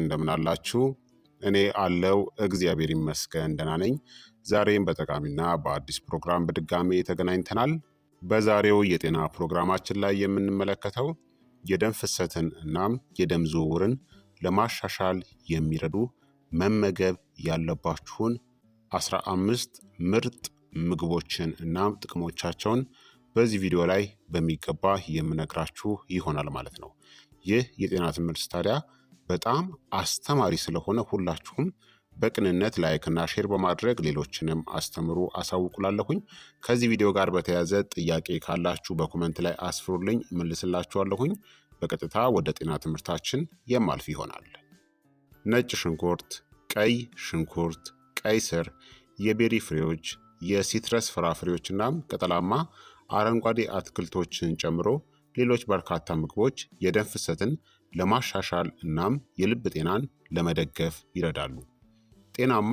እንደምን አላችሁ? እኔ አለው እግዚአብሔር ይመስገን ደህና ነኝ። ዛሬም በጠቃሚና በአዲስ ፕሮግራም በድጋሜ ተገናኝተናል። በዛሬው የጤና ፕሮግራማችን ላይ የምንመለከተው የደም ፍሰትን እናም የደም ዝውውርን ለማሻሻል የሚረዱ መመገብ ያለባችሁን አስራ አምስት ምርጥ ምግቦችን እናም ጥቅሞቻቸውን በዚህ ቪዲዮ ላይ በሚገባ የምነግራችሁ ይሆናል ማለት ነው። ይህ የጤና ትምህርት ታዲያ በጣም አስተማሪ ስለሆነ ሁላችሁም በቅንነት ላይክና ሼር በማድረግ ሌሎችንም አስተምሩ አሳውቁላለሁኝ። ከዚህ ቪዲዮ ጋር በተያዘ ጥያቄ ካላችሁ በኮመንት ላይ አስፍሩልኝ፣ መልስላችኋለሁኝ። በቀጥታ ወደ ጤና ትምህርታችን የማልፍ ይሆናል። ነጭ ሽንኩርት፣ ቀይ ሽንኩርት፣ ቀይ ስር፣ የቤሪ ፍሬዎች፣ የሲትረስ ፍራፍሬዎችና ቅጠላማ አረንጓዴ አትክልቶችን ጨምሮ ሌሎች በርካታ ምግቦች የደም ፍሰትን ለማሻሻል እናም የልብ ጤናን ለመደገፍ ይረዳሉ። ጤናማ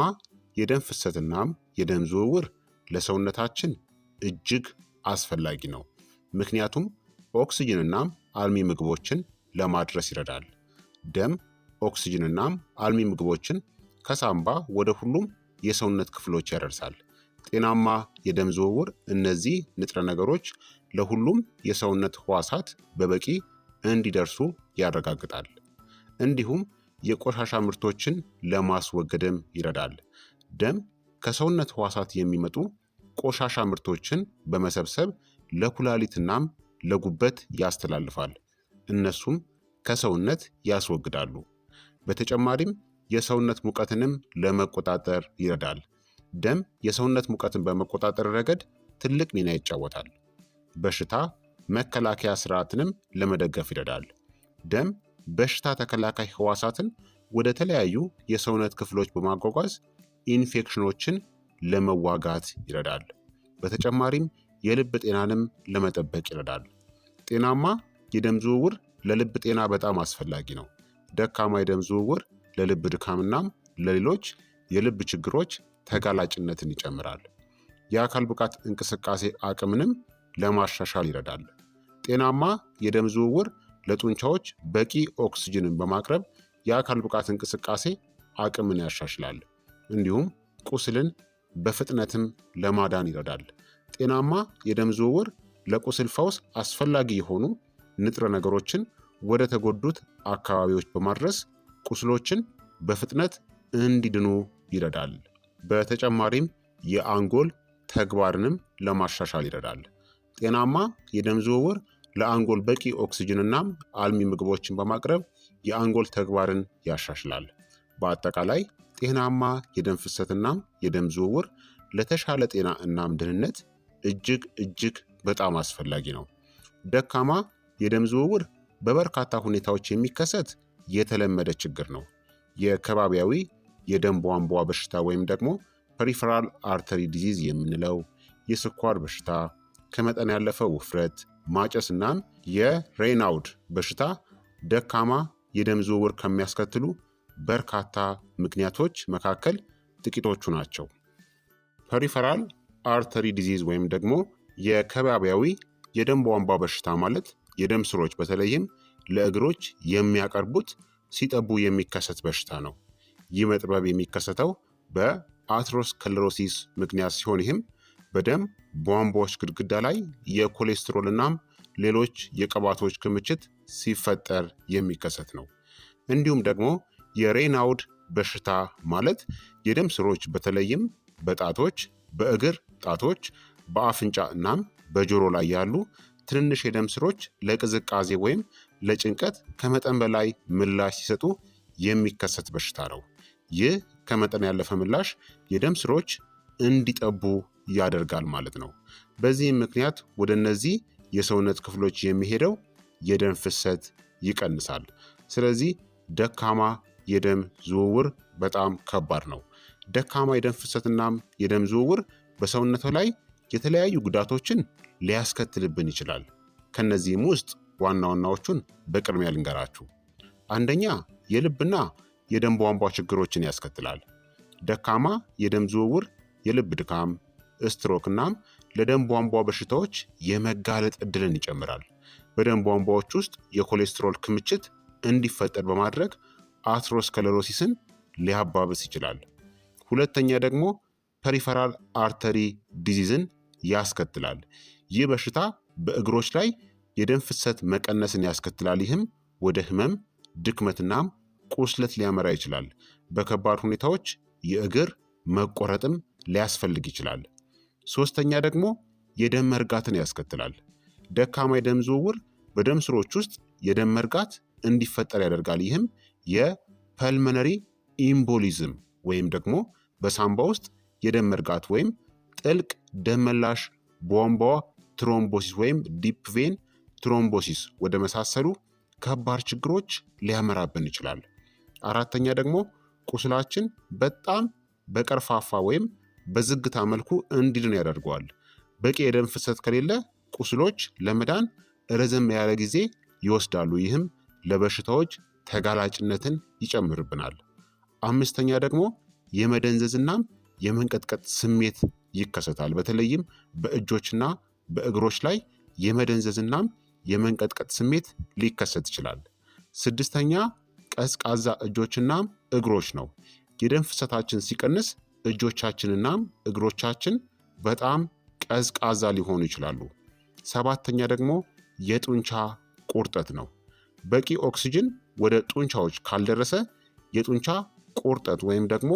የደም ፍሰት እናም የደም ዝውውር ለሰውነታችን እጅግ አስፈላጊ ነው፣ ምክንያቱም ኦክስጅን አልሚ ምግቦችን ለማድረስ ይረዳል። ደም ኦክስጅን አልሚ ምግቦችን ከሳምባ ወደ ሁሉም የሰውነት ክፍሎች ያደርሳል። ጤናማ የደም ዝውውር እነዚህ ንጥረ ነገሮች ለሁሉም የሰውነት ህዋሳት በበቂ እንዲደርሱ ያረጋግጣል። እንዲሁም የቆሻሻ ምርቶችን ለማስወገድም ይረዳል። ደም ከሰውነት ህዋሳት የሚመጡ ቆሻሻ ምርቶችን በመሰብሰብ ለኩላሊትናም ለጉበት ያስተላልፋል። እነሱም ከሰውነት ያስወግዳሉ። በተጨማሪም የሰውነት ሙቀትንም ለመቆጣጠር ይረዳል። ደም የሰውነት ሙቀትን በመቆጣጠር ረገድ ትልቅ ሚና ይጫወታል። በሽታ መከላከያ ስርዓትንም ለመደገፍ ይረዳል። ደም በሽታ ተከላካይ ህዋሳትን ወደ ተለያዩ የሰውነት ክፍሎች በማጓጓዝ ኢንፌክሽኖችን ለመዋጋት ይረዳል። በተጨማሪም የልብ ጤናንም ለመጠበቅ ይረዳል። ጤናማ የደም ዝውውር ለልብ ጤና በጣም አስፈላጊ ነው። ደካማ የደም ዝውውር ለልብ ድካምናም ለሌሎች የልብ ችግሮች ተጋላጭነትን ይጨምራል። የአካል ብቃት እንቅስቃሴ አቅምንም ለማሻሻል ይረዳል። ጤናማ የደም ዝውውር ለጡንቻዎች በቂ ኦክስጅንን በማቅረብ የአካል ብቃት እንቅስቃሴ አቅምን ያሻሽላል። እንዲሁም ቁስልን በፍጥነትም ለማዳን ይረዳል። ጤናማ የደም ዝውውር ለቁስል ፈውስ አስፈላጊ የሆኑ ንጥረ ነገሮችን ወደ ተጎዱት አካባቢዎች በማድረስ ቁስሎችን በፍጥነት እንዲድኑ ይረዳል። በተጨማሪም የአንጎል ተግባርንም ለማሻሻል ይረዳል። ጤናማ የደም ዝውውር ለአንጎል በቂ ኦክስጅንና አልሚ ምግቦችን በማቅረብ የአንጎል ተግባርን ያሻሽላል። በአጠቃላይ ጤናማ የደም ፍሰትና የደም ዝውውር ለተሻለ ጤና እናም ደህንነት እጅግ እጅግ በጣም አስፈላጊ ነው። ደካማ የደም ዝውውር በበርካታ ሁኔታዎች የሚከሰት የተለመደ ችግር ነው። የከባቢያዊ የደም ቧንቧ በሽታ ወይም ደግሞ ፐሪፈራል አርተሪ ዲዚዝ የምንለው፣ የስኳር በሽታ፣ ከመጠን ያለፈ ውፍረት፣ ማጨስናን የሬናውድ በሽታ ደካማ የደም ዝውውር ከሚያስከትሉ በርካታ ምክንያቶች መካከል ጥቂቶቹ ናቸው። ፐሪፈራል አርተሪ ዲዚዝ ወይም ደግሞ የከባቢያዊ የደም ቧንቧ በሽታ ማለት የደም ስሮች በተለይም ለእግሮች የሚያቀርቡት ሲጠቡ የሚከሰት በሽታ ነው። ይህ መጥበብ የሚከሰተው በአትሮስከለሮሲስ ምክንያት ሲሆን ይህም በደም ቧንቧዎች ግድግዳ ላይ የኮሌስትሮል እናም ሌሎች የቅባቶች ክምችት ሲፈጠር የሚከሰት ነው። እንዲሁም ደግሞ የሬናውድ በሽታ ማለት የደም ስሮች በተለይም በጣቶች፣ በእግር ጣቶች፣ በአፍንጫ እናም በጆሮ ላይ ያሉ ትንንሽ የደም ስሮች ለቅዝቃዜ ወይም ለጭንቀት ከመጠን በላይ ምላሽ ሲሰጡ የሚከሰት በሽታ ነው። ይህ ከመጠን ያለፈ ምላሽ የደም ስሮች እንዲጠቡ ያደርጋል ማለት ነው። በዚህም ምክንያት ወደ እነዚህ የሰውነት ክፍሎች የሚሄደው የደም ፍሰት ይቀንሳል። ስለዚህ ደካማ የደም ዝውውር በጣም ከባድ ነው። ደካማ የደም ፍሰትናም የደም ዝውውር በሰውነቱ ላይ የተለያዩ ጉዳቶችን ሊያስከትልብን ይችላል። ከነዚህም ውስጥ ዋና ዋናዎቹን በቅድሚያ ልንገራችሁ። አንደኛ የልብና የደም ቧንቧ ችግሮችን ያስከትላል። ደካማ የደም ዝውውር የልብ ድካም፣ ስትሮክ እናም ለደም ቧንቧ በሽታዎች የመጋለጥ እድልን ይጨምራል። በደም ቧንቧዎች ውስጥ የኮሌስትሮል ክምችት እንዲፈጠር በማድረግ አትሮስከለሮሲስን ሊያባብስ ይችላል። ሁለተኛ ደግሞ ፐሪፈራል አርተሪ ዲዚዝን ያስከትላል። ይህ በሽታ በእግሮች ላይ የደም ፍሰት መቀነስን ያስከትላል። ይህም ወደ ህመም፣ ድክመትናም ቁስለት ሊያመራ ይችላል። በከባድ ሁኔታዎች የእግር መቆረጥም ሊያስፈልግ ይችላል። ሶስተኛ ደግሞ የደም መርጋትን ያስከትላል። ደካማ የደም ዝውውር በደም ስሮች ውስጥ የደም መርጋት እንዲፈጠር ያደርጋል። ይህም የፐልመነሪ ኢምቦሊዝም ወይም ደግሞ በሳምባ ውስጥ የደም መርጋት ወይም ጥልቅ ደም መላሽ ቧንቧ ትሮምቦሲስ ወይም ዲፕቬን ትሮምቦሲስ ወደ መሳሰሉ ከባድ ችግሮች ሊያመራብን ይችላል። አራተኛ ደግሞ ቁስላችን በጣም በቀርፋፋ ወይም በዝግታ መልኩ እንዲድን ያደርገዋል። በቂ የደም ፍሰት ከሌለ ቁስሎች ለመዳን ረዘም ያለ ጊዜ ይወስዳሉ። ይህም ለበሽታዎች ተጋላጭነትን ይጨምርብናል። አምስተኛ ደግሞ የመደንዘዝናም የመንቀጥቀጥ ስሜት ይከሰታል። በተለይም በእጆችና በእግሮች ላይ የመደንዘዝናም የመንቀጥቀጥ ስሜት ሊከሰት ይችላል። ስድስተኛ ቀዝቃዛ እጆችና እግሮች ነው። የደም ፍሰታችን ሲቀንስ እጆቻችንና እግሮቻችን በጣም ቀዝቃዛ ሊሆኑ ይችላሉ። ሰባተኛ ደግሞ የጡንቻ ቁርጠት ነው። በቂ ኦክሲጅን ወደ ጡንቻዎች ካልደረሰ የጡንቻ ቁርጠት ወይም ደግሞ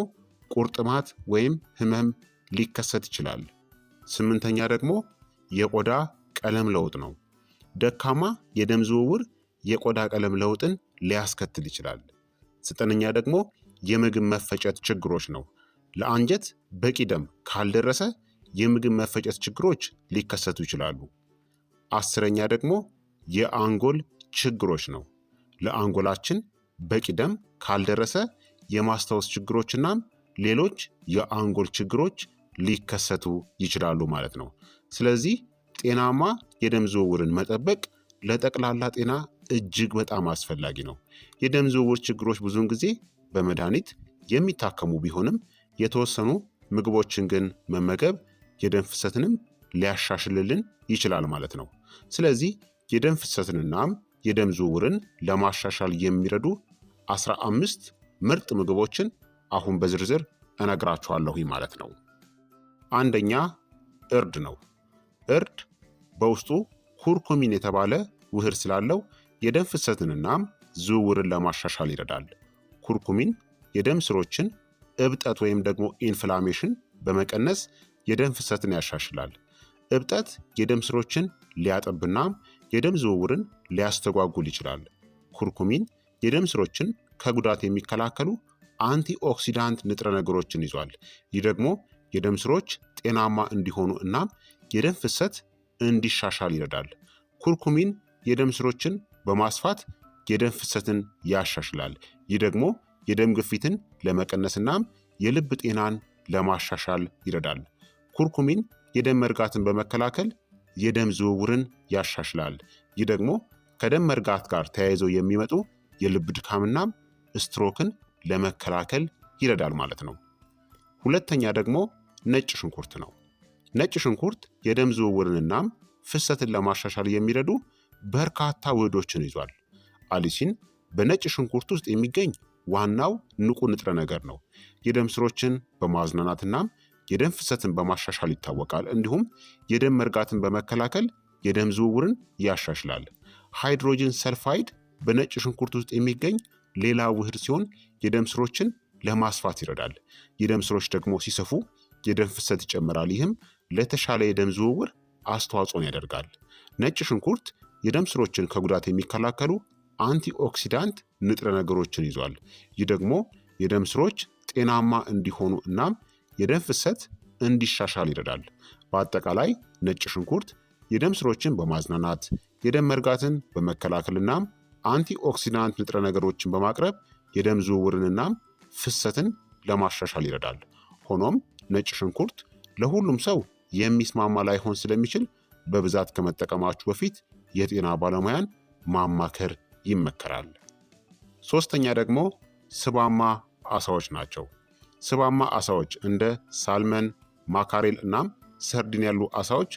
ቁርጥማት ወይም ህመም ሊከሰት ይችላል። ስምንተኛ ደግሞ የቆዳ ቀለም ለውጥ ነው። ደካማ የደም ዝውውር የቆዳ ቀለም ለውጥን ሊያስከትል ይችላል። ዘጠነኛ ደግሞ የምግብ መፈጨት ችግሮች ነው። ለአንጀት በቂ ደም ካልደረሰ የምግብ መፈጨት ችግሮች ሊከሰቱ ይችላሉ። አስረኛ ደግሞ የአንጎል ችግሮች ነው። ለአንጎላችን በቂ ደም ካልደረሰ የማስታወስ ችግሮችናም ሌሎች የአንጎል ችግሮች ሊከሰቱ ይችላሉ ማለት ነው። ስለዚህ ጤናማ የደም ዝውውርን መጠበቅ ለጠቅላላ ጤና እጅግ በጣም አስፈላጊ ነው። የደም ዝውውር ችግሮች ብዙውን ጊዜ በመድኃኒት የሚታከሙ ቢሆንም የተወሰኑ ምግቦችን ግን መመገብ የደም ፍሰትንም ሊያሻሽልልን ይችላል ማለት ነው። ስለዚህ የደም ፍሰትንናም የደም ዝውውርን ለማሻሻል የሚረዱ አስራ አምስት ምርጥ ምግቦችን አሁን በዝርዝር እነግራችኋለሁ ማለት ነው። አንደኛ እርድ ነው። እርድ በውስጡ ኩርኩሚን የተባለ ውህር ስላለው የደም ፍሰትንናም ዝውውርን ለማሻሻል ይረዳል። ኩርኩሚን የደም ስሮችን እብጠት ወይም ደግሞ ኢንፍላሜሽን በመቀነስ የደም ፍሰትን ያሻሽላል። እብጠት የደም ስሮችን ሊያጠብና የደም ዝውውርን ሊያስተጓጉል ይችላል። ኩርኩሚን የደም ስሮችን ከጉዳት የሚከላከሉ አንቲኦክሲዳንት ንጥረ ነገሮችን ይዟል። ይህ ደግሞ የደም ስሮች ጤናማ እንዲሆኑ እናም የደም ፍሰት እንዲሻሻል ይረዳል። ኩርኩሚን የደም ስሮችን በማስፋት የደም ፍሰትን ያሻሽላል። ይህ ደግሞ የደም ግፊትን ለመቀነስናም የልብ ጤናን ለማሻሻል ይረዳል። ኩርኩሚን የደም መርጋትን በመከላከል የደም ዝውውርን ያሻሽላል። ይህ ደግሞ ከደም መርጋት ጋር ተያይዘው የሚመጡ የልብ ድካምናም ስትሮክን ለመከላከል ይረዳል ማለት ነው። ሁለተኛ ደግሞ ነጭ ሽንኩርት ነው። ነጭ ሽንኩርት የደም ዝውውርንናም ፍሰትን ለማሻሻል የሚረዱ በርካታ ውህዶችን ይዟል። አሊሲን በነጭ ሽንኩርት ውስጥ የሚገኝ ዋናው ንቁ ንጥረ ነገር ነው። የደም ስሮችን በማዝናናትና የደም ፍሰትን በማሻሻል ይታወቃል። እንዲሁም የደም መርጋትን በመከላከል የደም ዝውውርን ያሻሽላል። ሃይድሮጅን ሰልፋይድ በነጭ ሽንኩርት ውስጥ የሚገኝ ሌላ ውህድ ሲሆን የደም ስሮችን ለማስፋት ይረዳል። የደም ስሮች ደግሞ ሲሰፉ የደም ፍሰት ይጨምራል። ይህም ለተሻለ የደም ዝውውር አስተዋጽኦን ያደርጋል። ነጭ ሽንኩርት የደም ስሮችን ከጉዳት የሚከላከሉ አንቲኦክሲዳንት ንጥረ ነገሮችን ይዟል። ይህ ደግሞ የደም ስሮች ጤናማ እንዲሆኑ እናም የደም ፍሰት እንዲሻሻል ይረዳል። በአጠቃላይ ነጭ ሽንኩርት የደም ስሮችን በማዝናናት የደም መርጋትን በመከላከል እናም አንቲኦክሲዳንት ንጥረ ነገሮችን በማቅረብ የደም ዝውውርን እናም ፍሰትን ለማሻሻል ይረዳል። ሆኖም ነጭ ሽንኩርት ለሁሉም ሰው የሚስማማ ላይሆን ስለሚችል በብዛት ከመጠቀማችሁ በፊት የጤና ባለሙያን ማማከር ይመከራል። ሶስተኛ ደግሞ ስባማ አሳዎች ናቸው። ስባማ አሳዎች እንደ ሳልመን፣ ማካሬል እናም ሰርዲን ያሉ አሳዎች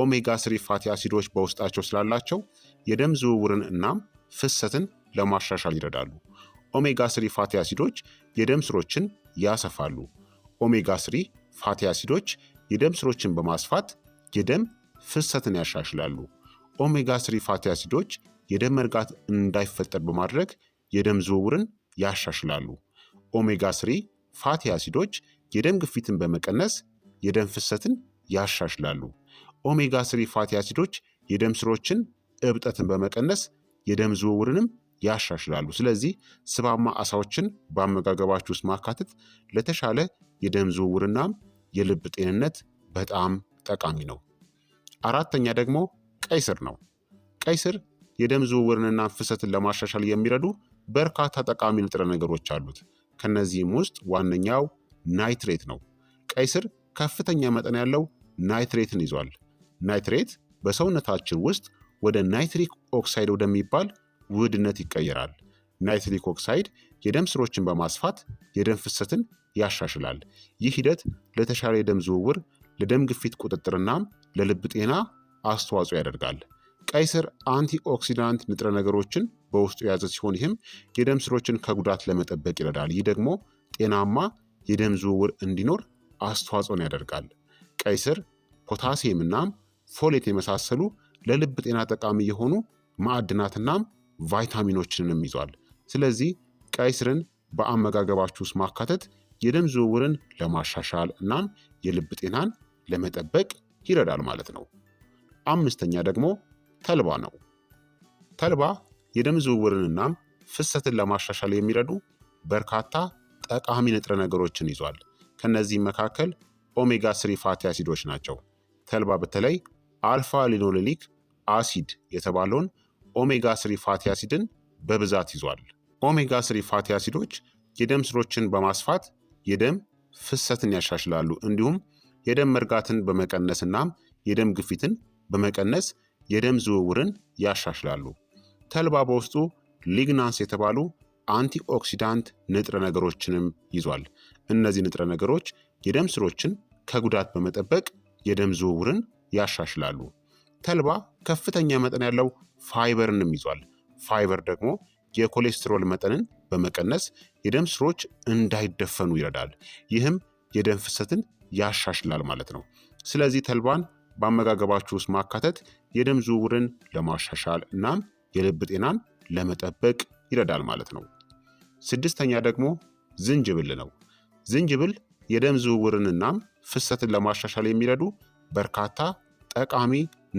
ኦሜጋ ስሪ ፋቲ አሲዶች በውስጣቸው ስላላቸው የደም ዝውውርን እናም ፍሰትን ለማሻሻል ይረዳሉ። ኦሜጋ ስሪ ፋቲ አሲዶች የደም ስሮችን ያሰፋሉ። ኦሜጋ ስሪ ፋቲ አሲዶች የደም ስሮችን በማስፋት የደም ፍሰትን ያሻሽላሉ። ኦሜጋ ስሪ ፋቲ አሲዶች የደም መርጋት እንዳይፈጠር በማድረግ የደም ዝውውርን ያሻሽላሉ። ኦሜጋ ስሪ ፋቲ አሲዶች የደም ግፊትን በመቀነስ የደም ፍሰትን ያሻሽላሉ። ኦሜጋ ስሪ ፋቲ አሲዶች የደም ስሮችን እብጠትን በመቀነስ የደም ዝውውርንም ያሻሽላሉ። ስለዚህ ስባማ አሳዎችን በአመጋገባችሁ ውስጥ ማካተት ለተሻለ የደም ዝውውርናም የልብ ጤንነት በጣም ጠቃሚ ነው። አራተኛ ደግሞ ቀይ ስር ነው። ቀይ ስር የደም ዝውውርንና ፍሰትን ለማሻሻል የሚረዱ በርካታ ጠቃሚ ንጥረ ነገሮች አሉት። ከነዚህም ውስጥ ዋነኛው ናይትሬት ነው። ቀይ ስር ከፍተኛ መጠን ያለው ናይትሬትን ይዟል። ናይትሬት በሰውነታችን ውስጥ ወደ ናይትሪክ ኦክሳይድ ወደሚባል ውህድነት ይቀየራል። ናይትሪክ ኦክሳይድ የደም ስሮችን በማስፋት የደም ፍሰትን ያሻሽላል። ይህ ሂደት ለተሻለ የደም ዝውውር፣ ለደም ግፊት ቁጥጥርናም ለልብ ጤና አስተዋጽኦ ያደርጋል። ቀይ ስር አንቲ ኦክሲዳንት ንጥረ ነገሮችን በውስጡ የያዘ ሲሆን ይህም የደም ስሮችን ከጉዳት ለመጠበቅ ይረዳል። ይህ ደግሞ ጤናማ የደም ዝውውር እንዲኖር አስተዋጽኦን ያደርጋል። ቀይ ስር ፖታሲየም እናም ፎሌት የመሳሰሉ ለልብ ጤና ጠቃሚ የሆኑ ማዕድናትናም ቫይታሚኖችንም ይዟል። ስለዚህ ቀይ ስርን በአመጋገባችሁ ውስጥ ማካተት የደም ዝውውርን ለማሻሻል እናም የልብ ጤናን ለመጠበቅ ይረዳል ማለት ነው። አምስተኛ ደግሞ ተልባ ነው። ተልባ የደም ዝውውርንና ፍሰትን ለማሻሻል የሚረዱ በርካታ ጠቃሚ ንጥረ ነገሮችን ይዟል። ከነዚህም መካከል ኦሜጋ ስሪ ፋቲ አሲዶች ናቸው። ተልባ በተለይ አልፋ ሊኖሌኒክ አሲድ የተባለውን ኦሜጋ ስሪ ፋቲ አሲድን በብዛት ይዟል። ኦሜጋ ስሪ ፋቲ አሲዶች የደም ስሮችን በማስፋት የደም ፍሰትን ያሻሽላሉ። እንዲሁም የደም መርጋትን በመቀነስናም የደም ግፊትን በመቀነስ የደም ዝውውርን ያሻሽላሉ። ተልባ በውስጡ ሊግናንስ የተባሉ አንቲኦክሲዳንት ንጥረ ነገሮችንም ይዟል። እነዚህ ንጥረ ነገሮች የደም ስሮችን ከጉዳት በመጠበቅ የደም ዝውውርን ያሻሽላሉ። ተልባ ከፍተኛ መጠን ያለው ፋይበርንም ይዟል። ፋይበር ደግሞ የኮሌስትሮል መጠንን በመቀነስ የደም ስሮች እንዳይደፈኑ ይረዳል። ይህም የደም ፍሰትን ያሻሽላል ማለት ነው። ስለዚህ ተልባን በአመጋገባችሁ ውስጥ ማካተት የደም ዝውውርን ለማሻሻል እናም የልብ ጤናን ለመጠበቅ ይረዳል ማለት ነው። ስድስተኛ ደግሞ ዝንጅብል ነው። ዝንጅብል የደም ዝውውርን እናም ፍሰትን ለማሻሻል የሚረዱ በርካታ ጠቃሚ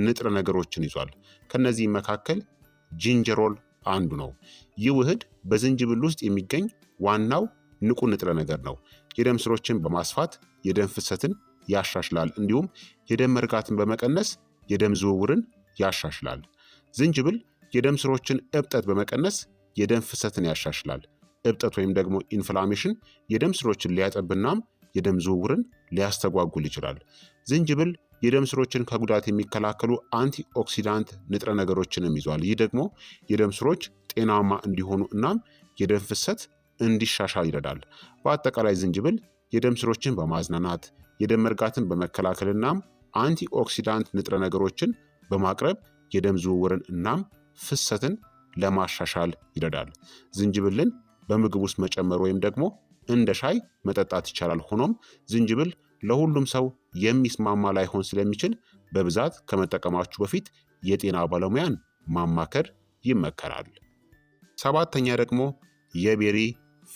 ንጥረ ነገሮችን ይዟል። ከነዚህም መካከል ጂንጀሮል አንዱ ነው። ይህ ውህድ በዝንጅብል ውስጥ የሚገኝ ዋናው ንቁ ንጥረ ነገር ነው። የደም ስሮችን በማስፋት የደም ፍሰትን ያሻሽላል፣ እንዲሁም የደም መርጋትን በመቀነስ የደም ዝውውርን ያሻሽላል። ዝንጅብል የደም ስሮችን እብጠት በመቀነስ የደም ፍሰትን ያሻሽላል። እብጠት ወይም ደግሞ ኢንፍላሜሽን የደም ስሮችን ሊያጠብናም የደም ዝውውርን ሊያስተጓጉል ይችላል። ዝንጅብል የደም ስሮችን ከጉዳት የሚከላከሉ አንቲ ኦክሲዳንት ንጥረ ነገሮችንም ይዟል። ይህ ደግሞ የደም ስሮች ጤናማ እንዲሆኑ እናም የደም ፍሰት እንዲሻሻል ይረዳል። በአጠቃላይ ዝንጅብል የደም ስሮችን በማዝናናት የደም መርጋትን በመከላከል እናም አንቲኦክሲዳንት ንጥረ ነገሮችን በማቅረብ የደም ዝውውርን እናም ፍሰትን ለማሻሻል ይረዳል። ዝንጅብልን በምግብ ውስጥ መጨመር ወይም ደግሞ እንደ ሻይ መጠጣት ይቻላል። ሆኖም ዝንጅብል ለሁሉም ሰው የሚስማማ ላይሆን ስለሚችል በብዛት ከመጠቀማችሁ በፊት የጤና ባለሙያን ማማከር ይመከራል። ሰባተኛ ደግሞ የቤሪ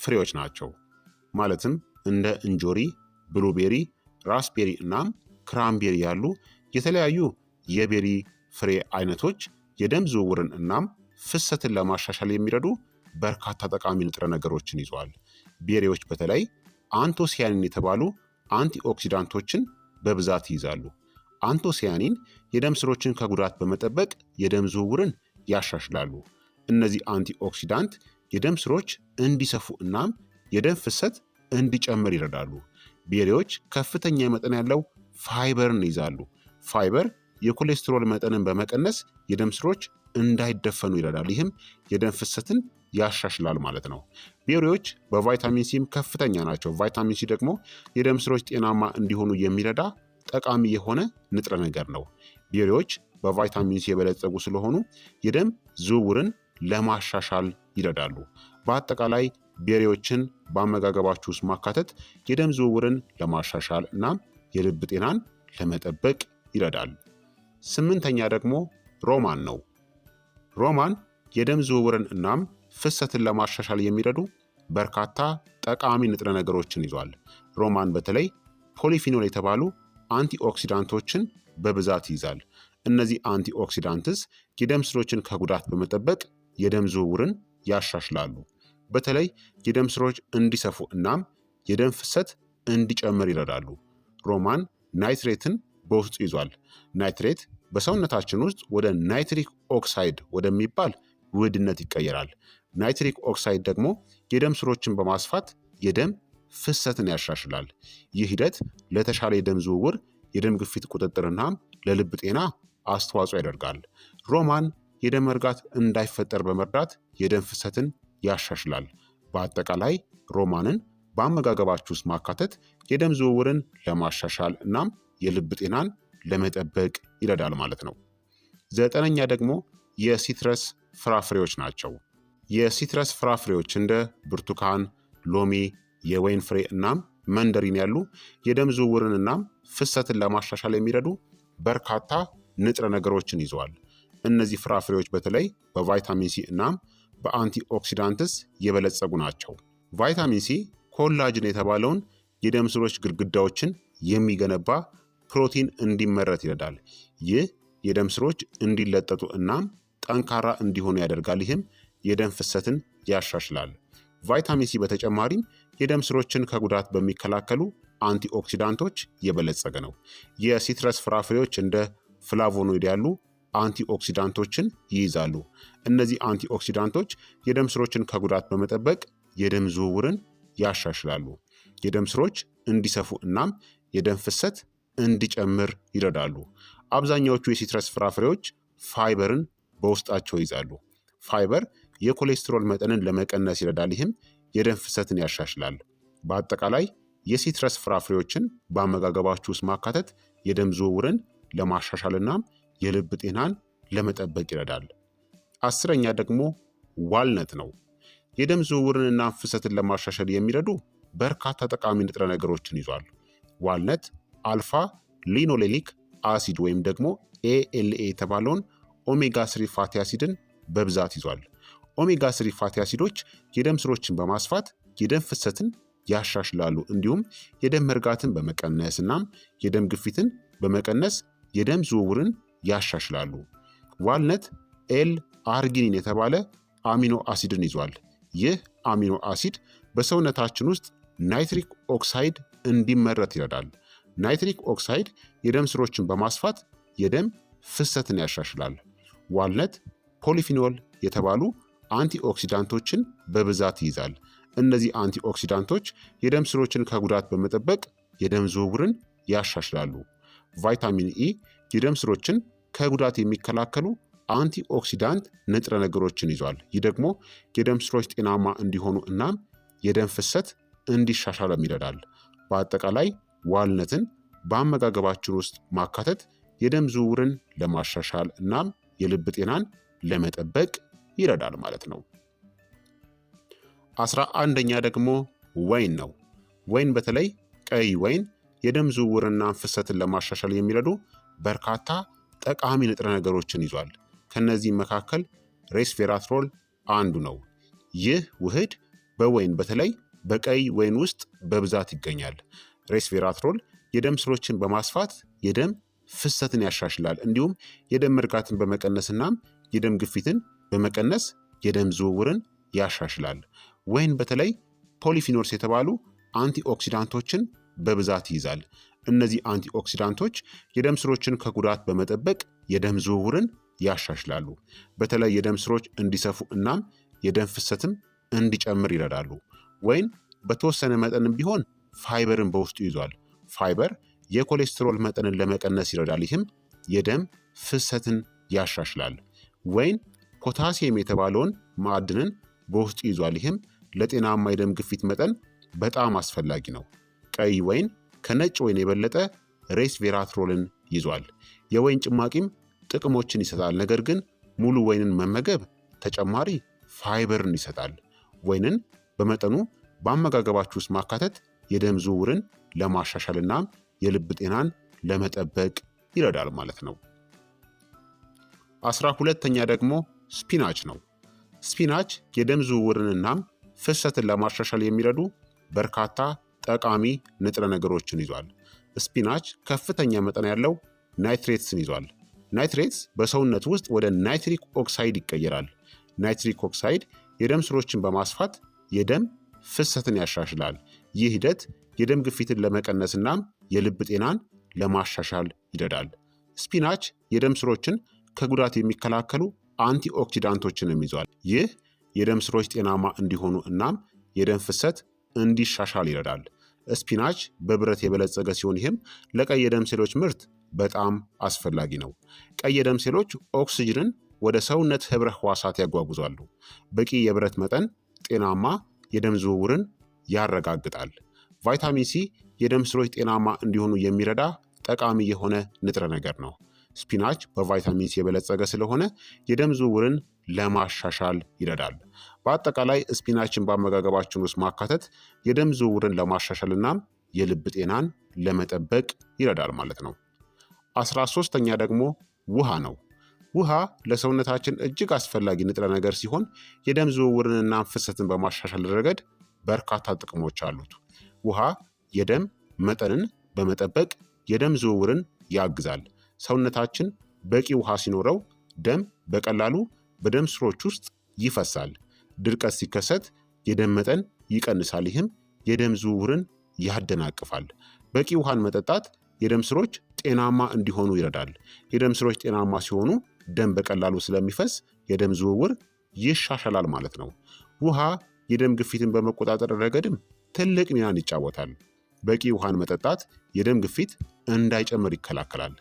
ፍሬዎች ናቸው። ማለትም እንደ እንጆሪ፣ ብሉቤሪ፣ ራስቤሪ እናም ክራምቤሪ ያሉ የተለያዩ የቤሪ ፍሬ አይነቶች የደም ዝውውርን እናም ፍሰትን ለማሻሻል የሚረዱ በርካታ ጠቃሚ ንጥረ ነገሮችን ይዘዋል። ቤሪዎች በተለይ አንቶሲያኒን የተባሉ አንቲኦክሲዳንቶችን በብዛት ይይዛሉ። አንቶሲያኒን የደም ስሮችን ከጉዳት በመጠበቅ የደም ዝውውርን ያሻሽላሉ። እነዚህ አንቲኦክሲዳንት የደም ስሮች እንዲሰፉ እናም የደም ፍሰት እንዲጨምር ይረዳሉ። ቤሪዎች ከፍተኛ መጠን ያለው ፋይበርን ይዛሉ። ፋይበር የኮሌስትሮል መጠንን በመቀነስ የደም ስሮች እንዳይደፈኑ ይረዳል። ይህም የደም ፍሰትን ያሻሽላል ማለት ነው። ቤሪዎች በቫይታሚን ሲም ከፍተኛ ናቸው። ቫይታሚን ሲ ደግሞ የደም ስሮች ጤናማ እንዲሆኑ የሚረዳ ጠቃሚ የሆነ ንጥረ ነገር ነው። ቤሪዎች በቫይታሚን ሲ የበለጸጉ ስለሆኑ የደም ዝውውርን ለማሻሻል ይረዳሉ። በአጠቃላይ ቤሪዎችን በአመጋገባችሁ ውስጥ ማካተት የደም ዝውውርን ለማሻሻል እናም የልብ ጤናን ለመጠበቅ ይረዳል። ስምንተኛ ደግሞ ሮማን ነው። ሮማን የደም ዝውውርን እናም ፍሰትን ለማሻሻል የሚረዱ በርካታ ጠቃሚ ንጥረ ነገሮችን ይዟል። ሮማን በተለይ ፖሊፊኖል የተባሉ አንቲኦክሲዳንቶችን በብዛት ይይዛል። እነዚህ አንቲኦክሲዳንትስ የደም ስሮችን ከጉዳት በመጠበቅ የደም ዝውውርን ያሻሽላሉ። በተለይ የደም ስሮች እንዲሰፉ እናም የደም ፍሰት እንዲጨምር ይረዳሉ። ሮማን ናይትሬትን በውስጡ ይዟል። ናይትሬት በሰውነታችን ውስጥ ወደ ናይትሪክ ኦክሳይድ ወደሚባል ውህድነት ይቀየራል። ናይትሪክ ኦክሳይድ ደግሞ የደም ስሮችን በማስፋት የደም ፍሰትን ያሻሽላል። ይህ ሂደት ለተሻለ የደም ዝውውር፣ የደም ግፊት ቁጥጥርናም ለልብ ጤና አስተዋጽኦ ያደርጋል። ሮማን የደም መርጋት እንዳይፈጠር በመርዳት የደም ፍሰትን ያሻሽላል። በአጠቃላይ ሮማንን በአመጋገባችሁ ውስጥ ማካተት የደም ዝውውርን ለማሻሻል እናም የልብ ጤናን ለመጠበቅ ይረዳል ማለት ነው። ዘጠነኛ ደግሞ የሲትረስ ፍራፍሬዎች ናቸው። የሲትረስ ፍራፍሬዎች እንደ ብርቱካን፣ ሎሚ፣ የወይን ፍሬ እናም መንደሪን ያሉ የደም ዝውውርን እናም ፍሰትን ለማሻሻል የሚረዱ በርካታ ንጥረ ነገሮችን ይዘዋል። እነዚህ ፍራፍሬዎች በተለይ በቫይታሚን ሲ እናም በአንቲ ኦክሲዳንትስ የበለጸጉ ናቸው። ቫይታሚን ሲ ኮላጅን የተባለውን የደም ስሮች ግድግዳዎችን የሚገነባ ፕሮቲን እንዲመረት ይረዳል። ይህ የደም ስሮች እንዲለጠጡ እናም ጠንካራ እንዲሆኑ ያደርጋል። ይህም የደም ፍሰትን ያሻሽላል። ቫይታሚን ሲ በተጨማሪም የደም ስሮችን ከጉዳት በሚከላከሉ አንቲኦክሲዳንቶች የበለጸገ ነው። የሲትረስ ፍራፍሬዎች እንደ ፍላቮኖይድ ያሉ አንቲኦክሲዳንቶችን ይይዛሉ። እነዚህ አንቲኦክሲዳንቶች የደም ስሮችን ከጉዳት በመጠበቅ የደም ዝውውርን ያሻሽላሉ። የደም ስሮች እንዲሰፉ እናም የደም ፍሰት እንዲጨምር ይረዳሉ። አብዛኛዎቹ የሲትረስ ፍራፍሬዎች ፋይበርን በውስጣቸው ይዛሉ። ፋይበር የኮሌስትሮል መጠንን ለመቀነስ ይረዳል፣ ይህም የደም ፍሰትን ያሻሽላል። በአጠቃላይ የሲትረስ ፍራፍሬዎችን በአመጋገባችሁ ውስጥ ማካተት የደም ዝውውርን ለማሻሻልና የልብ ጤናን ለመጠበቅ ይረዳል። አስረኛ ደግሞ ዋልነት ነው። የደም ዝውውርንና ፍሰትን ለማሻሻል የሚረዱ በርካታ ጠቃሚ ንጥረ ነገሮችን ይዟል። ዋልነት አልፋ ሊኖሌኒክ አሲድ ወይም ደግሞ ኤኤልኤ የተባለውን ኦሜጋ ስሪ ፋቲ አሲድን በብዛት ይዟል። ኦሜጋ ስሪ ፋቲ አሲዶች የደም ስሮችን በማስፋት የደም ፍሰትን ያሻሽላሉ። እንዲሁም የደም መርጋትን በመቀነስ እናም የደም ግፊትን በመቀነስ የደም ዝውውርን ያሻሽላሉ። ዋልነት ኤል አርጊኒን የተባለ አሚኖ አሲድን ይዟል። ይህ አሚኖ አሲድ በሰውነታችን ውስጥ ናይትሪክ ኦክሳይድ እንዲመረት ይረዳል። ናይትሪክ ኦክሳይድ የደም ስሮችን በማስፋት የደም ፍሰትን ያሻሽላል። ዋልነት ፖሊፊኖል የተባሉ አንቲኦክሲዳንቶችን በብዛት ይይዛል። እነዚህ አንቲኦክሲዳንቶች የደም ስሮችን ከጉዳት በመጠበቅ የደም ዝውውርን ያሻሽላሉ። ቫይታሚን ኢ የደም ስሮችን ከጉዳት የሚከላከሉ አንቲኦክሲዳንት ንጥረ ነገሮችን ይዟል። ይህ ደግሞ የደም ስሮች ጤናማ እንዲሆኑ እናም የደም ፍሰት እንዲሻሻልም ይረዳል። በአጠቃላይ ዋልነትን በአመጋገባችን ውስጥ ማካተት የደም ዝውውርን ለማሻሻል እናም የልብ ጤናን ለመጠበቅ ይረዳል ማለት ነው። አስራ አንደኛ ደግሞ ወይን ነው። ወይን በተለይ ቀይ ወይን የደም ዝውውርና ፍሰትን ለማሻሻል የሚረዱ በርካታ ጠቃሚ ንጥረ ነገሮችን ይዟል። ከነዚህ መካከል ሬስቬራትሮል አንዱ ነው። ይህ ውህድ በወይን በተለይ በቀይ ወይን ውስጥ በብዛት ይገኛል። ሬስቬራትሮል የደም ስሮችን በማስፋት የደም ፍሰትን ያሻሽላል። እንዲሁም የደም መርጋትን በመቀነስ እናም የደም ግፊትን በመቀነስ የደም ዝውውርን ያሻሽላል። ወይን በተለይ ፖሊፊኖርስ የተባሉ አንቲኦክሲዳንቶችን በብዛት ይይዛል። እነዚህ አንቲኦክሲዳንቶች የደም ስሮችን ከጉዳት በመጠበቅ የደም ዝውውርን ያሻሽላሉ። በተለይ የደም ስሮች እንዲሰፉ እናም የደም ፍሰትም እንዲጨምር ይረዳሉ። ወይን በተወሰነ መጠንም ቢሆን ፋይበርን በውስጡ ይዟል። ፋይበር የኮሌስትሮል መጠንን ለመቀነስ ይረዳል። ይህም የደም ፍሰትን ያሻሽላል። ወይን ፖታሲየም የተባለውን ማዕድንን በውስጡ ይዟል። ይህም ለጤናማ የደም ግፊት መጠን በጣም አስፈላጊ ነው። ቀይ ወይን ከነጭ ወይን የበለጠ ሬስቬራትሮልን ይዟል። የወይን ጭማቂም ጥቅሞችን ይሰጣል። ነገር ግን ሙሉ ወይንን መመገብ ተጨማሪ ፋይበርን ይሰጣል። ወይንን በመጠኑ በአመጋገባችሁ ውስጥ ማካተት የደም ዝውውርን ለማሻሻልና የልብ ጤናን ለመጠበቅ ይረዳል ማለት ነው። አስራ ሁለተኛ ደግሞ ስፒናች ነው። ስፒናች የደም እናም ፍሰትን ለማሻሻል የሚረዱ በርካታ ጠቃሚ ንጥረ ነገሮችን ይዟል። ስፒናች ከፍተኛ መጠን ያለው ናይትሬትስን ይዟል። ናይትሬትስ በሰውነት ውስጥ ወደ ናይትሪክ ኦክሳይድ ይቀየራል። ናይትሪክ ኦክሳይድ የደም ስሮችን በማስፋት የደም ፍሰትን ያሻሽላል። ይህ ሂደት የደም ግፊትን ለመቀነስ የልብ ጤናን ለማሻሻል ይረዳል። ስፒናች የደም ስሮችን ከጉዳት የሚከላከሉ አንቲኦክሲዳንቶችንም ይዟል። ይህ የደም ስሮች ጤናማ እንዲሆኑ እናም የደም ፍሰት እንዲሻሻል ይረዳል። ስፒናች በብረት የበለጸገ ሲሆን ይህም ለቀይ የደም ሴሎች ምርት በጣም አስፈላጊ ነው። ቀይ የደም ሴሎች ኦክስጅንን ወደ ሰውነት ህብረ ህዋሳት ያጓጉዛሉ። በቂ የብረት መጠን ጤናማ የደም ዝውውርን ያረጋግጣል። ቫይታሚን ሲ የደም ስሮች ጤናማ እንዲሆኑ የሚረዳ ጠቃሚ የሆነ ንጥረ ነገር ነው። ስፒናች በቫይታሚን ሲ የበለጸገ ስለሆነ የደም ዝውውርን ለማሻሻል ይረዳል። በአጠቃላይ ስፒናችን በአመጋገባችን ውስጥ ማካተት የደም ዝውውርን ለማሻሻል እናም የልብ ጤናን ለመጠበቅ ይረዳል ማለት ነው። አስራ ሶስተኛ ደግሞ ውሃ ነው። ውሃ ለሰውነታችን እጅግ አስፈላጊ ንጥረ ነገር ሲሆን የደም ዝውውርንና ፍሰትን በማሻሻል ረገድ በርካታ ጥቅሞች አሉት። ውሃ የደም መጠንን በመጠበቅ የደም ዝውውርን ያግዛል። ሰውነታችን በቂ ውሃ ሲኖረው ደም በቀላሉ በደም ስሮች ውስጥ ይፈሳል። ድርቀት ሲከሰት የደም መጠን ይቀንሳል። ይህም የደም ዝውውርን ያደናቅፋል። በቂ ውሃን መጠጣት የደም ስሮች ጤናማ እንዲሆኑ ይረዳል። የደም ስሮች ጤናማ ሲሆኑ ደም በቀላሉ ስለሚፈስ የደም ዝውውር ይሻሻላል ማለት ነው። ውሃ የደም ግፊትን በመቆጣጠር ረገድም ትልቅ ሚናን ይጫወታል። በቂ ውሃን መጠጣት የደም ግፊት እንዳይጨምር ይከላከላል።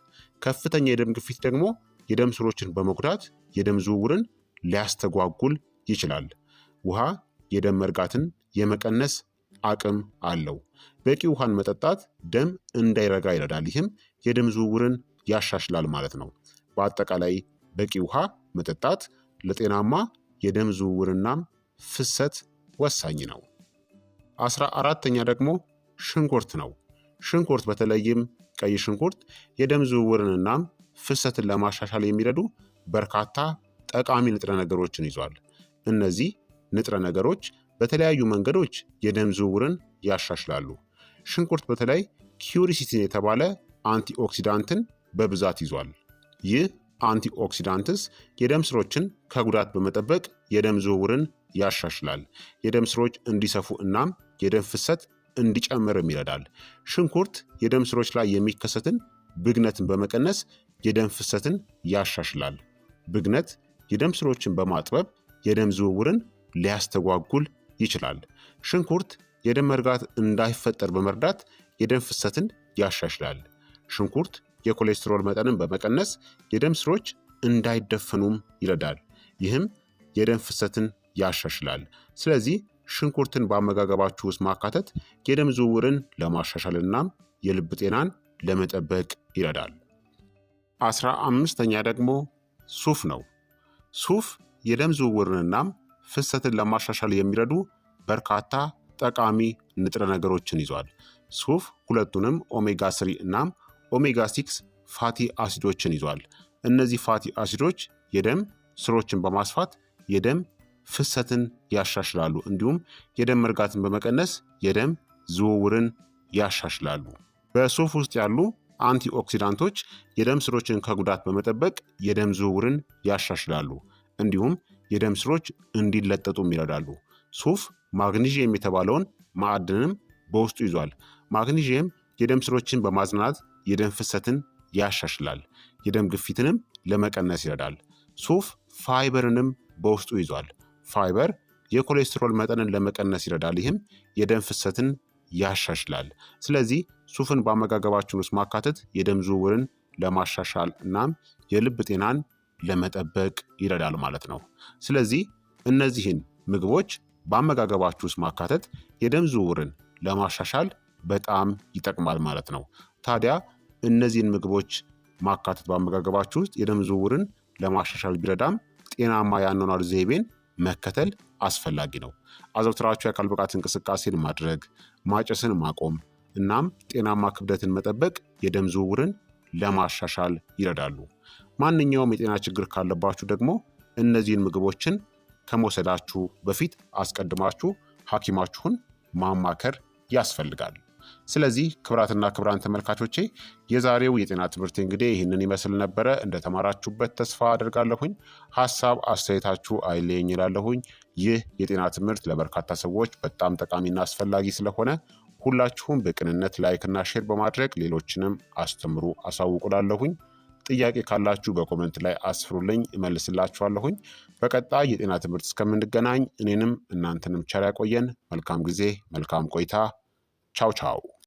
ከፍተኛ የደም ግፊት ደግሞ የደም ስሮችን በመጉዳት የደም ዝውውርን ሊያስተጓጉል ይችላል። ውሃ የደም መርጋትን የመቀነስ አቅም አለው። በቂ ውሃን መጠጣት ደም እንዳይረጋ ይረዳል። ይህም የደም ዝውውርን ያሻሽላል ማለት ነው። በአጠቃላይ በቂ ውሃ መጠጣት ለጤናማ የደም ዝውውርናም ፍሰት ወሳኝ ነው። አስራ አራተኛ ደግሞ ሽንኩርት ነው። ሽንኩርት በተለይም ቀይ ሽንኩርት የደም ዝውውርንናም ፍሰትን ለማሻሻል የሚረዱ በርካታ ጠቃሚ ንጥረ ነገሮችን ይዟል። እነዚህ ንጥረ ነገሮች በተለያዩ መንገዶች የደም ዝውውርን ያሻሽላሉ። ሽንኩርት በተለይ ኪውሪሲቲን የተባለ አንቲኦክሲዳንትን በብዛት ይዟል። ይህ አንቲኦክሲዳንትስ የደም ስሮችን ከጉዳት በመጠበቅ የደም ዝውውርን ያሻሽላል። የደም ስሮች እንዲሰፉ እናም የደም ፍሰት እንዲጨምርም ይረዳል። ሽንኩርት የደም ስሮች ላይ የሚከሰትን ብግነትን በመቀነስ የደም ፍሰትን ያሻሽላል። ብግነት የደም ስሮችን በማጥበብ የደም ዝውውርን ሊያስተጓጉል ይችላል። ሽንኩርት የደም መርጋት እንዳይፈጠር በመርዳት የደም ፍሰትን ያሻሽላል። ሽንኩርት የኮሌስትሮል መጠንን በመቀነስ የደም ስሮች እንዳይደፈኑም ይረዳል። ይህም የደም ፍሰትን ያሻሽላል። ስለዚህ ሽንኩርትን በአመጋገባችሁ ውስጥ ማካተት የደም ዝውውርን ለማሻሻል እናም የልብ ጤናን ለመጠበቅ ይረዳል። አስራ አምስተኛ ደግሞ ሱፍ ነው። ሱፍ የደም ዝውውርንናም ፍሰትን ለማሻሻል የሚረዱ በርካታ ጠቃሚ ንጥረ ነገሮችን ይዟል። ሱፍ ሁለቱንም ኦሜጋ ስሪ እናም ኦሜጋ ሲክስ ፋቲ አሲዶችን ይዟል። እነዚህ ፋቲ አሲዶች የደም ስሮችን በማስፋት የደም ፍሰትን ያሻሽላሉ። እንዲሁም የደም መርጋትን በመቀነስ የደም ዝውውርን ያሻሽላሉ። በሱፍ ውስጥ ያሉ አንቲኦክሲዳንቶች የደም ስሮችን ከጉዳት በመጠበቅ የደም ዝውውርን ያሻሽላሉ። እንዲሁም የደም ስሮች እንዲለጠጡም ይረዳሉ። ሱፍ ማግኒዥየም የተባለውን ማዕድንም በውስጡ ይዟል። ማግኒዥየም የደም ስሮችን በማዝናናት የደም ፍሰትን ያሻሽላል፣ የደም ግፊትንም ለመቀነስ ይረዳል። ሱፍ ፋይበርንም በውስጡ ይዟል። ፋይበር የኮሌስትሮል መጠንን ለመቀነስ ይረዳል፣ ይህም የደም ፍሰትን ያሻሽላል። ስለዚህ ሱፍን በአመጋገባችን ውስጥ ማካተት የደም ዝውውርን ለማሻሻል እናም የልብ ጤናን ለመጠበቅ ይረዳል ማለት ነው። ስለዚህ እነዚህን ምግቦች በአመጋገባችሁ ውስጥ ማካተት የደም ዝውውርን ለማሻሻል በጣም ይጠቅማል ማለት ነው። ታዲያ እነዚህን ምግቦች ማካተት በአመጋገባችሁ ውስጥ የደም ዝውውርን ለማሻሻል ቢረዳም ጤናማ የአኗኗር ዘይቤን መከተል አስፈላጊ ነው። አዘውትራችሁ የአካል ብቃት እንቅስቃሴን ማድረግ፣ ማጨስን ማቆም እናም ጤናማ ክብደትን መጠበቅ የደም ዝውውርን ለማሻሻል ይረዳሉ። ማንኛውም የጤና ችግር ካለባችሁ ደግሞ እነዚህን ምግቦችን ከመውሰዳችሁ በፊት አስቀድማችሁ ሐኪማችሁን ማማከር ያስፈልጋል። ስለዚህ ክብራትና ክብራን ተመልካቾቼ የዛሬው የጤና ትምህርት እንግዲህ ይህንን ይመስል ነበረ። እንደተማራችሁበት ተስፋ አደርጋለሁኝ። ሀሳብ አስተያየታችሁ አይለየኝ እላለሁኝ። ይህ የጤና ትምህርት ለበርካታ ሰዎች በጣም ጠቃሚና አስፈላጊ ስለሆነ ሁላችሁም በቅንነት ላይክና ሼር በማድረግ ሌሎችንም አስተምሩ፣ አሳውቁላለሁኝ። ጥያቄ ካላችሁ በኮመንት ላይ አስፍሩልኝ፣ እመልስላችኋለሁኝ። በቀጣይ የጤና ትምህርት እስከምንገናኝ እኔንም እናንተንም ቸር ያቆየን። መልካም ጊዜ፣ መልካም ቆይታ። ቻው ቻው